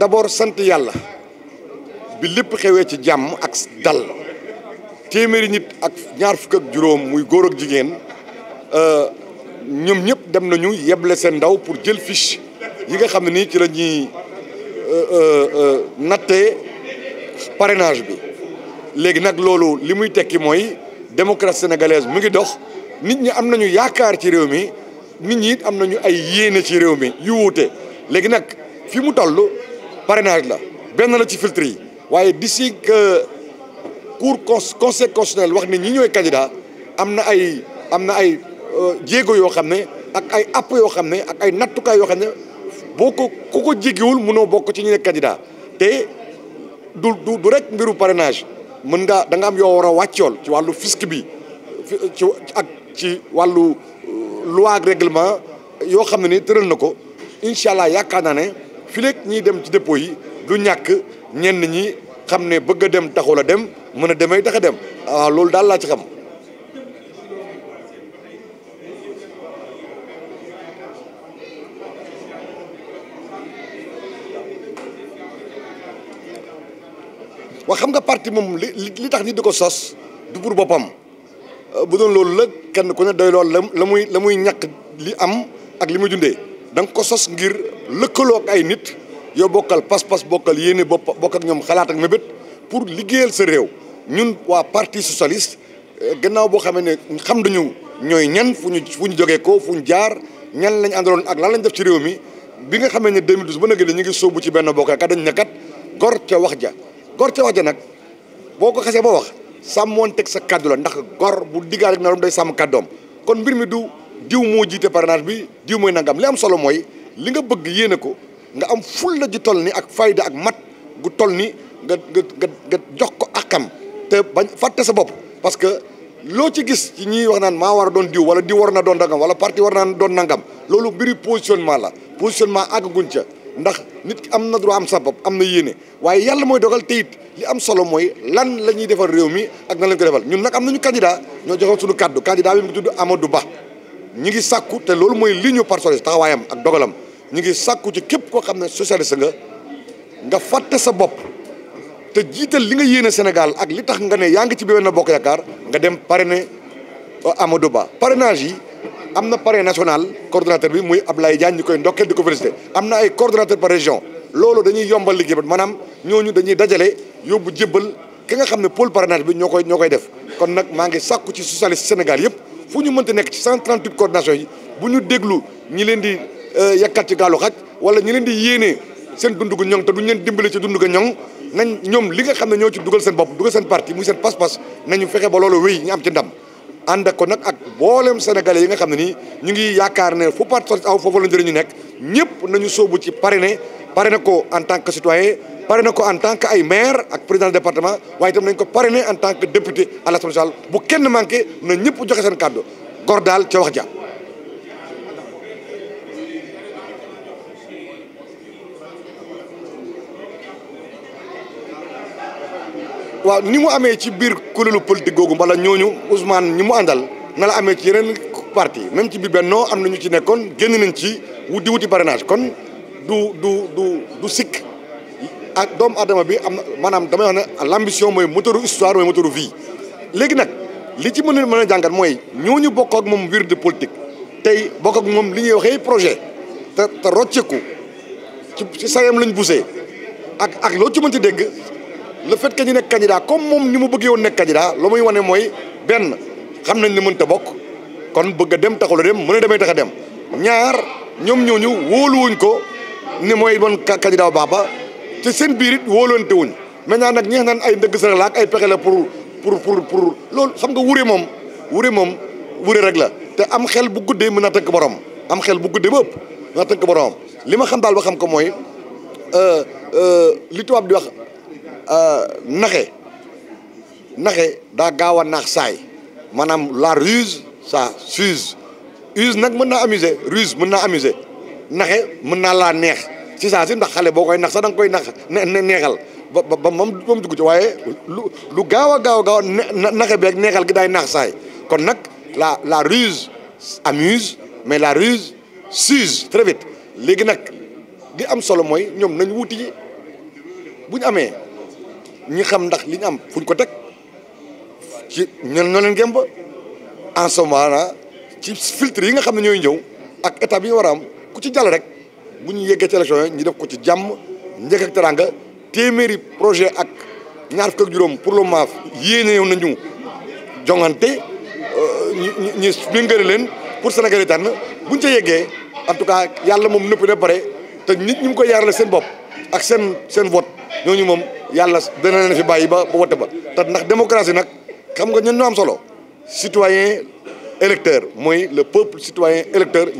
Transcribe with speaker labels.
Speaker 1: d'abord sant yàlla bi lépp xewee ci jàmm ak dal téeméeri nit ak ñaar fukk ak juróom muy góor ak jigéen euh, ñoom ñëpp dem nañu yeble seen ndaw pour jël fiche yi nga xam ne nii ci la euh, euh, natte nattee bi léegi nag loolu li muy tekki mooy démocratie sénégalaise mu ngi dox nit ñi am nañu yaakaar ci réew mi nit ñi am nañu ay yéene ci réew mi yu wuute léegi nag fi mu toll parrainage la benn la ci filtre yi waaye d'ici que cour conseil constitutionnel wax ne ñi ñooy candidat am na ay am na ay euh, jéego yoo xam ne ak ay app yoo xam ne ak ay nattukaay yoo xam ne boo ko ku ko jéggiwul mënoo bokk ci ñu ne candidat te du du du rek mbiru parrainage mën nga da nga am yoo war a wàccool ci wàllu fisc bi ci ak ci wàllu euh, loi ak yoo xam ne ni tëral na ko incha allah yaakaar naa ne fileeg ñiy dem ci dépôt yi lu ñàkk ñenn ñi xam ne bëgg a dem taxul a dem mën a demee tax a dem ah, loolu daal laa ci xam. waa xam nga parti moom li li tax nit di ko sos du pour boppam euh, bu doon loolu la kenn ku ne doy lool la la muy la muy ñàkk li am ak li muy jundee da ko sos ngir. lëkkaloo ak ay nit yo bokal pas-pas bokal, yeni bopp bokk ak ñom xalaat ak mebet pour liggéeyal sa réew ñun wa parti socialiste eh, gannaaw bo xamee ne xam duñu ñoy ñan fuñu fuñu fu ko fuñu jaar ñan lañ andalon ak lan lañ def ci réew mi bi nga xamee ne 2012 bu nag ñu ngi sobu ci benn bokk ka dañ ne kat gor ca wax ja gor ca wax ja nak boko xasse ba wax sàmmoon tek sa kaddu la ndax gor bu digal ak na day sam kaddom kon mbir mi du diw mo jité parnage bi diw moy nangam li am solo moy li nga bëgg yéene ko nga am fulla ji toll ni ak fayda ak mat gu toll ni nga nga nga jox ko akam te bañ fàtte sa bopp parce que lo ci gis ci ñi wax naan ma war doon diw wala di war na doon nangam wala parti war naa doon nangam loolu mbiri positionnement la positionnement guñ ca ndax nit ki am na droit am sabab am na yéene waaye yàlla mooy dogal teyit li am solo mooy lan la ñuy defal réew mi ak nan lañ ko defal ñun nag am nañu candidat ñoo joxoon suñu kàddu candidat bi mu ngi tudd Amadou Ba ñi ngi sàkku te loolu mooy li ñu par ak dogalam ñu ngi sàkku ci képp koo xam ne socialiste nga nga fàtte sa bopp te jiital li nga yéene Sénégal ak li tax nga ne yaa ngi ci Benno Bokk Yaakaar nga dem pare a euh, Amadou Ba parrainage yi am na parrain national coordonnateur bi muy Ablaye Diagne ñu koy ndokkeel di ko félicité am na ay coordonnateur par région loolu dañuy yombal liggéey ba maanaam ñooñu dañuy dajale yóbbu jébbal ki nga xam ne pare parrainage bi ñoo koy ñoo koy def kon nag maa ngi sàkku ci socialiste Sénégal yëpp fu ñu mënti nekk ci 138 coordination yi bu ñu déglu leen di Eh, yakkat ci galu xaj wala ñi leen di yene seen dundu gu ñong te duñu leen dimbali ci dundu gu ñong nañ ñom li nga xamne ñoo ci dugal seen bop dugal seen parti muy seen pass pass nañu fexé ba lolu wëy ñu am ci ndam and ak nak ak bolem sénégalais yi nga xamne ni ñu ngi yaakar ne fu parti aw fofu la ñu nek ñepp nañu sobu ci parrainé parrainé ko en tant que citoyen parrainé ko en tant que ay maire ak président de département waye tam nañ ko parrainé en tant que député à l'Assemblée nationale bu kenn manqué na ñepp joxé seen cadeau gordal ci wax ja waaw ni mu amee ci biir kuréelu politique googu mbala ñu Ousmane ñi mu àndal na la amee ci yeneen parti même ci biir Benno am na ñu ci nekkoon génn nañ ci wuti wuti parrainage kon du du du du sikk ak doom adama bi am na maanaam damay wax ne l'ambition mooy moteuru histoire mooy moteuru vie. léegi nag li ci mën a jàngat mooy ñooñu bokk ak moom wir de politique tey bokk moom li ñuy waxee projet te te rocceeku ci sayam lañ busee ak ak loo ci mënti dégg. le fait que ñu nekk candidat comme moom ni mu bëggee woon nekk candidat lu wane mooy benn xam nañ ne mënut a bokk kon bëgg a dem taxul a dem mën a demee tax dem ñaar ñoom ñooñu wóoluwuñ ko ni mooy bon candidat bu baax ba te seen biir it wóolante wuñ maintenant nag ñeex naan ay ndëgg sërëx la ak ay pexe la pour pour pour pour loolu xam nga wure moom wure moom wure rek la te am xel bu guddee mën a tënk borom am xel bu guddee ba ëpp mën naa tënk borom li ma xam daal ba xam ko mooy euh, euh, li tubaab di Euh, naxe naxe daa gaaw a la ruse ça s'use use nak mën amuser ruse mën amuser Naxé mën la laa neex si saa si ndax xalé bokoy nax sa dang koy nax neexal ba ba mom moom dugg ci waaye lu gawa gawa a gaaw gaaw naxe neexal gi day nax say. kon nag la la ruse amuse mais la ruse s'use très vite Légui nag li am solo moy ñom nañ wuti bu ñu ñi xam ndax liñ am fuñ ko teg ci ñen ñoo leen gémba en ce ci filtre yi nga xam ne ñooy ñëw ak état yi ñu war a am ku ci jàll rek bu ñu yeggee ci élection yi def ko ci jàmm njëkk ak teranga téeméeri projet ak ñaar fukk ak juróom pour le moment yéeneew nañu jongante euh, ñu ñi méngale leen pour Sénégal yi tànn buñ ca yeggee en tout cas yàlla moom nëpp na pare te nit ñi mu koy yaarale seen bopp ak seen seen vote ñooñu moom. yàlla dana leen fi bàyyi ba ba wote ba te ndax démocratie nag xam nga ñun ñoo am solo citoyen électeur mooy le peuple citoyen électeurs